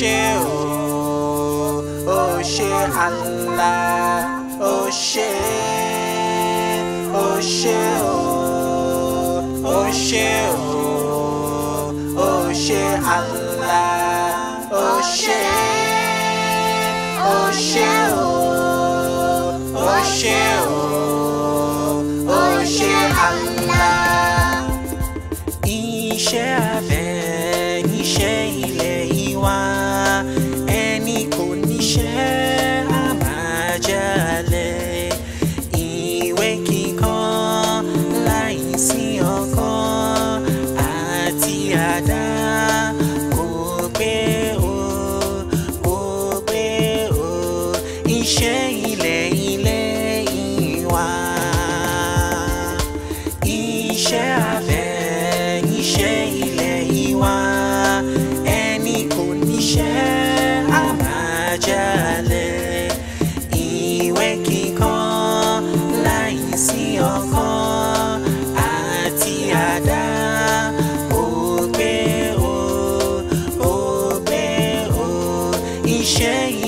ṣé o o ṣé Allah o ṣé o ṣé o o ṣé o o ṣé Allah o ṣé o ṣé o o ṣé o o ṣé Allah iṣẹ́ àlá. àdá kò pé o kò pé o iṣẹ́ ilẹ̀ ilẹ̀ ìwà iṣẹ́ àdá. shame.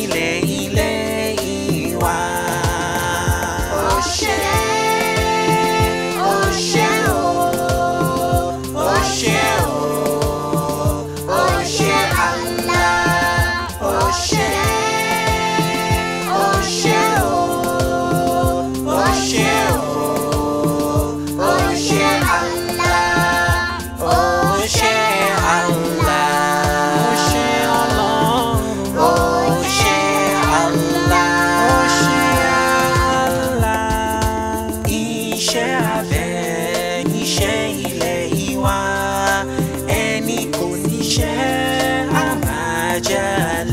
ajali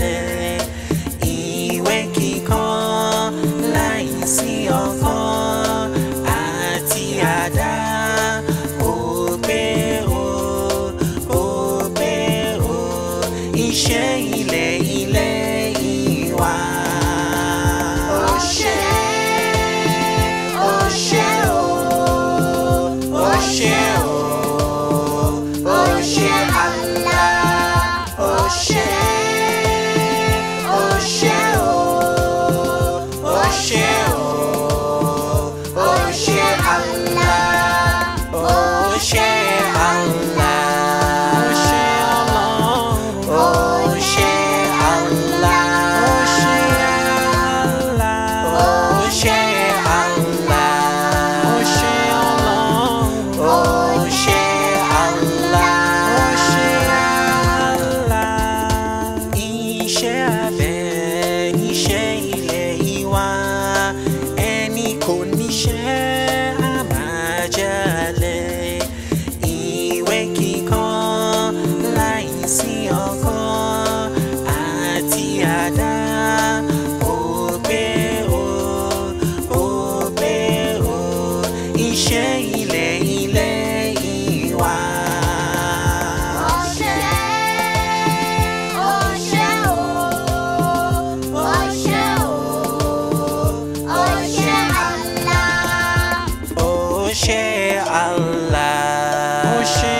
ocean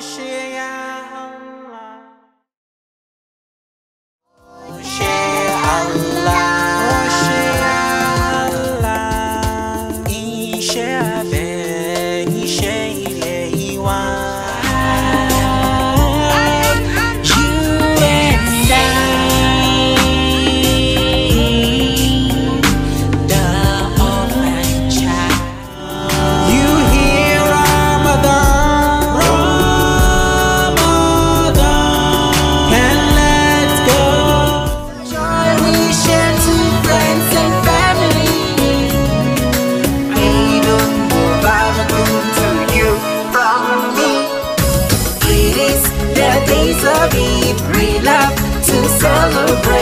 share. celebrate.